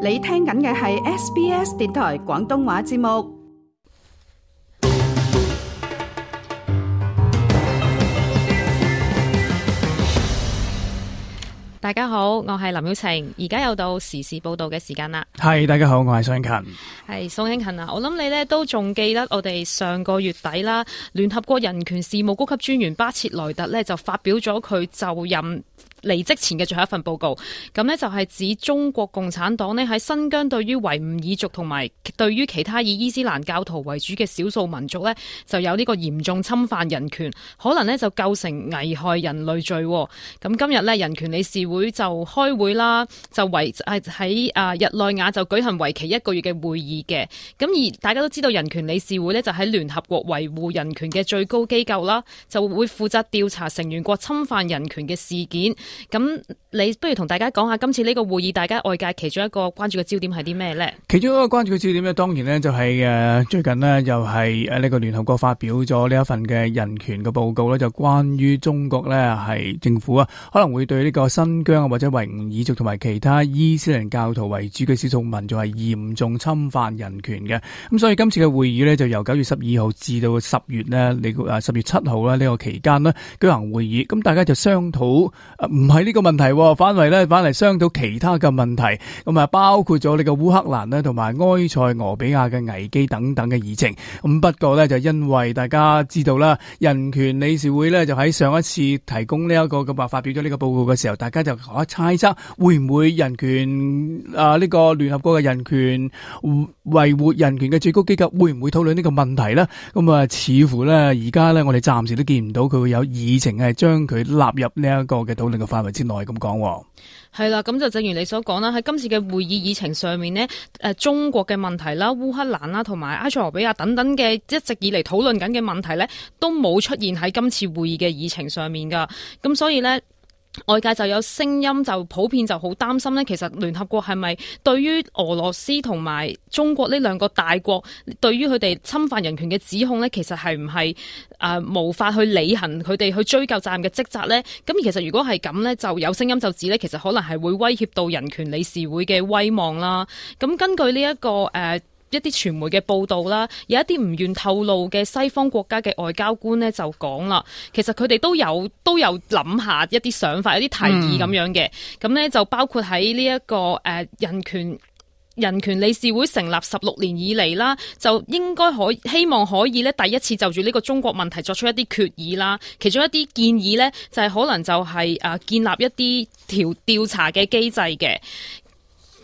你聽緊嘅係 SBS 電台廣東話節目。大家好，我係林 是。大家好，我係林曉晴，而家又到時事報道嘅時間啦。係，大家好，我係宋慶勤。係宋慶勤啊，我諗你呢都仲記得我哋上個月底啦，聯合國人權事務高級專員巴切萊特呢就發表咗佢就任離職前嘅最後一份報告，咁呢就係指中國共產黨呢喺新疆對於維吾爾族同埋對於其他以伊斯蘭教徒為主嘅少數民族呢，就有呢個嚴重侵犯人權，可能呢就構成危害人類罪。咁今日呢，人權理事會就開會啦，就維係喺啊日內瓦就舉行為期一個月嘅會議嘅。咁而大家都知道人權理事會呢就喺聯合國維護人權嘅最高機構啦，就會負責調查成員國侵犯人權嘅事件。咁你不如同大家講下今次呢個會議，大家外界其中一個關注嘅焦點係啲咩呢？其中一個關注嘅焦點呢當然呢，就係誒，最近呢，又係誒呢個聯合國發表咗呢一份嘅人權嘅報告呢，就關於中國呢，係政府啊可能會對呢個新疆啊或者維吾爾族同埋其他伊斯蘭教徒為主嘅少數民族係嚴重侵犯人權嘅。咁所以今次嘅會議呢，就由九月十二號至到十月呢，你十月七號呢呢個期間呢，舉行會議，咁大家就商討。唔係呢個問題，哦，反為咧反嚟傷到其他嘅問題，咁啊包括咗呢個烏克蘭咧，同埋埃塞俄比亞嘅危機等等嘅議程。咁不過咧就因為大家知道啦，人權理事會咧就喺上一次提供呢，這一個咁啊發表咗呢個報告嘅時候，大家就可猜測會唔會人權啊呢，這個聯合國嘅人權維護人權嘅最高機構會唔會討論呢個問題咧，咁啊似乎咧而家咧我哋暫時都見唔到佢會有議程係將佢納入呢一個嘅討論嘅。.範圍之內咁講，係啦。咁就正如你所講啦，喺今次嘅會議議程上面呢，誒中國嘅問題啦、烏克蘭啦、同埋埃塞俄比亞等等嘅一直以嚟討論緊嘅問題呢，都冇出現喺今次會議嘅議程上面噶。咁所以呢。外界就有聲音就普遍就好擔心呢，其實聯合國係咪對於俄羅斯同埋中國呢兩個大國，對於佢哋侵犯人權嘅指控呢，其實係唔係誒無法去履行佢哋去追究責任嘅職責呢？咁其實如果係咁呢，就有聲音就指呢，其實可能係會威脅到人權理事會嘅威望啦。咁根據呢、這、一個誒。呃一啲傳媒嘅報道啦，有一啲唔願透露嘅西方國家嘅外交官呢，就講啦，其實佢哋都有都有諗下一啲想法、一啲提議咁、嗯、樣嘅，咁呢，就包括喺呢一個誒、呃、人權人權理事會成立十六年以嚟啦，就應該可希望可以咧第一次就住呢個中國問題作出一啲決議啦，其中一啲建議呢，就係、是、可能就係啊建立一啲調調查嘅機制嘅。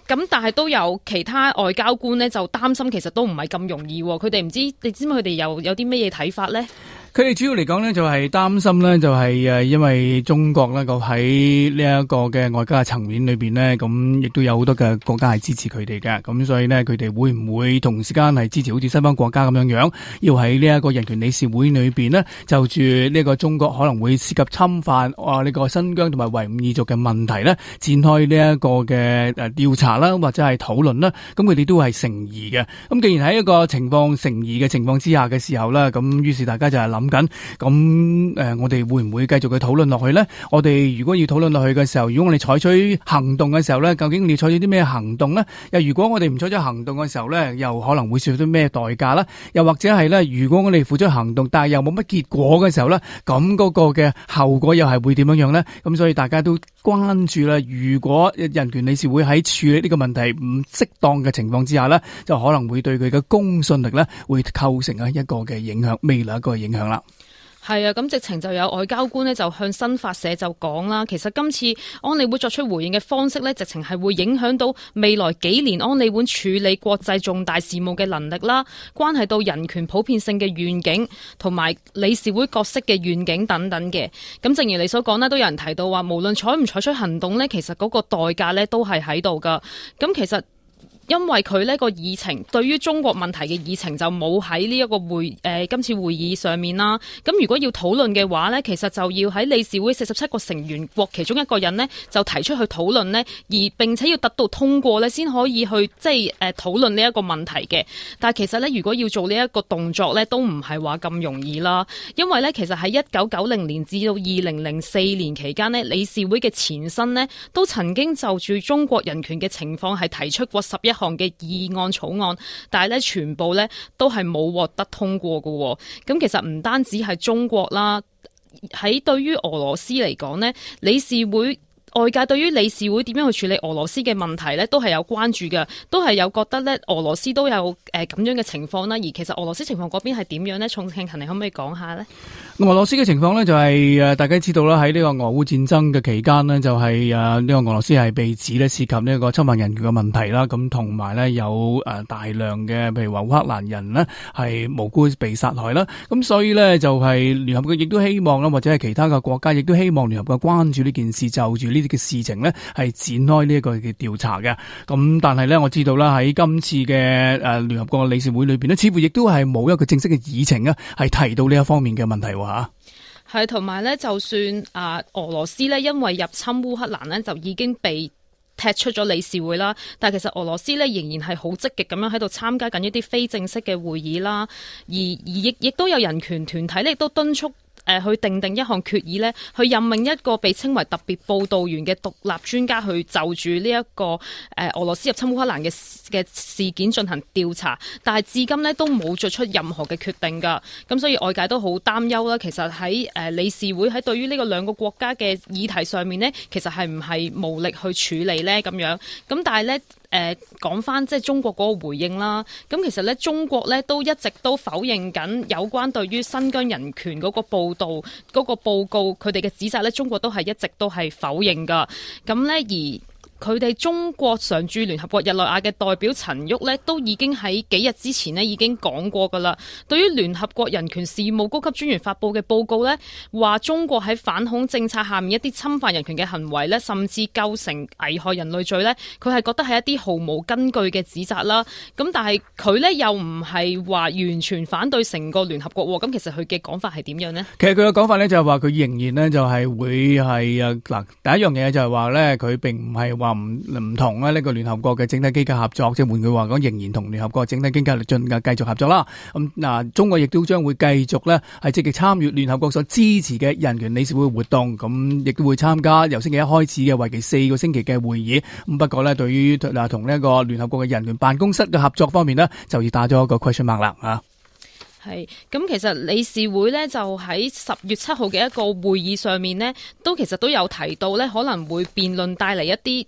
咁但係都有其他外交官咧，就擔心其實都唔係咁容易，佢哋唔知你知唔知佢哋又有啲咩嘢睇法咧？佢哋主要嚟講呢，就係擔心呢，就係誒，因為中國呢，個喺呢一個嘅外交層面裏邊呢，咁亦都有好多嘅國家係支持佢哋嘅，咁所以呢，佢哋會唔會同時間係支持好似西方國家咁樣樣，要喺呢一個人權理事會裏邊呢，就住呢個中國可能會涉及侵犯啊呢個新疆同埋維吾爾族嘅問題呢，展開呢一個嘅誒調查啦，或者係討論啦，咁佢哋都係成疑嘅。咁既然喺一個情況成疑嘅情況之下嘅時候呢，咁於是大家就係諗。緊咁誒，我哋會唔會繼續去討論落去咧？我哋如果要討論落去嘅時候，如果我哋採取行動嘅時候咧，究竟要採取啲咩行動咧？又如果我哋唔採取行動嘅時候咧，又可能會少咗啲咩代價咧？又或者係咧，如果我哋付出行動，但係又冇乜結果嘅時候咧，咁嗰個嘅後果又係會點樣樣咧？咁所以大家都。關注啦，如果人權理事會喺處理呢個問題唔適當嘅情況之下呢，就可能會對佢嘅公信力呢，會構成啊一個嘅影響，未來一個影響啦。係啊，咁直情就有外交官呢就向法新社就講啦。其實今次安理會作出回應嘅方式呢，直情係會影響到未來幾年安理會處理國際重大事務嘅能力啦，關係到人權普遍性嘅願景同埋理事會角色嘅願景等等嘅。咁正如你所講呢，都有人提到話，無論採唔採取行動呢，其實嗰個代價呢都係喺度噶。咁其實。因為佢呢個議程對於中國問題嘅議程就冇喺呢一個會誒、呃、今次會議上面啦。咁如果要討論嘅話咧，其實就要喺理事會四十七個成員國其中一個人咧就提出去討論咧，而並且要得到通過咧先可以去即係誒、呃、討論呢一個問題嘅。但係其實咧，如果要做呢一個動作咧，都唔係話咁容易啦。因為咧，其實喺一九九零年至到二零零四年期間咧，理事會嘅前身咧都曾經就住中國人權嘅情況係提出過十一項嘅議案草案，但係咧全部咧都係冇獲得通過嘅。咁其實唔單止係中國啦，喺對於俄羅斯嚟講咧，理事會。外界對於理事會點樣去處理俄羅斯嘅問題呢？都係有關注嘅，都係有覺得呢。俄羅斯都有誒咁樣嘅情況啦。而其實俄羅斯情況嗰邊係點樣呢？重慶勤，勤，你可唔可以講下呢？俄羅斯嘅情況呢、就是，就係誒大家知道啦，喺呢個俄烏戰爭嘅期間呢，就係誒呢個俄羅斯係、就是、被指呢涉及呢個侵犯人權嘅問題啦。咁同埋呢，有誒大量嘅，譬如話烏克蘭人呢係無辜被殺害啦。咁所以呢，就係聯合國亦都希望啦，或者係其他嘅國家亦都希望聯合國關注呢件事，就住呢，嘅事情呢，係展開呢一個嘅調查嘅。咁但係呢，我知道啦，喺今次嘅誒聯合國嘅理事會裏邊咧，似乎亦都係冇一個正式嘅議程啊，係提到呢一方面嘅問題話吓。係同埋呢，就算啊俄羅斯呢，因為入侵烏克蘭呢，就已經被踢出咗理事會啦。但係其實俄羅斯呢，仍然係好積極咁樣喺度參加緊一啲非正式嘅會議啦。而而亦亦都有人權團體呢，亦都敦促。誒、呃、去定定一項決議呢，去任命一個被稱為特別報導員嘅獨立專家去就住呢、這、一個誒、呃、俄羅斯入侵烏克蘭嘅嘅事件進行調查，但係至今呢都冇作出任何嘅決定㗎。咁所以外界都好擔憂啦。其實喺誒、呃、理事會喺對於呢個兩個國家嘅議題上面呢，其實係唔係無力去處理呢？咁樣？咁但係呢。誒講翻即係中國嗰個回應啦，咁其實咧中國咧都一直都否認緊有關對於新疆人權嗰個報道，嗰個報告，佢哋嘅指責咧，中國都係一直都係否認噶。咁咧而。佢哋中國常駐聯合國日內瓦嘅代表陳旭呢，都已經喺幾日之前呢已經講過噶啦。對於聯合國人權事務高級專員發布嘅報告呢，話中國喺反恐政策下面一啲侵犯人權嘅行為呢，甚至構成危害人類罪呢，佢係覺得係一啲毫無根據嘅指責啦。咁但係佢呢又唔係話完全反對成個聯合國。咁其實佢嘅講法係點樣呢？其實佢嘅講法呢，就係話佢仍然呢，就係會係啊嗱，第一樣嘢就係話呢，佢並唔係話。話唔唔同呢個聯合國嘅整體機構合作，即係換句話講，仍然同聯合國整體機構嚟進繼續合作啦。咁、嗯、嗱、啊，中國亦都將會繼續呢係積極參與聯合國所支持嘅人權理事會活動，咁亦都會參加由星期一開始嘅為期四個星期嘅會議。咁、嗯、不過呢對於同呢、啊、個聯合國嘅人權辦公室嘅合作方面呢，就要打咗個 question mark 啦啊。係，咁其實理事會呢，就喺十月七號嘅一個會議上面呢，都其實都有提到咧，可能會辯論帶嚟一啲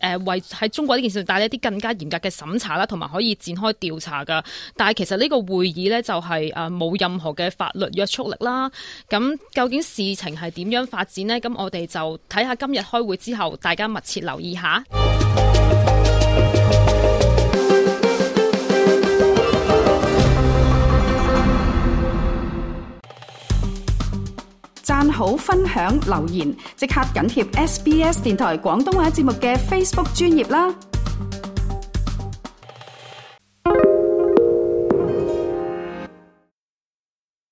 誒，為、呃、喺中國呢件事帶嚟一啲更加嚴格嘅審查啦，同埋可以展開調查噶。但係其實呢個會議呢，就係誒冇任何嘅法律約束力啦。咁究竟事情係點樣發展呢？咁我哋就睇下今日開會之後，大家密切留意下。讚好分享留言，即刻緊貼 SBS 電台廣東話節目嘅 Facebook 專頁啦！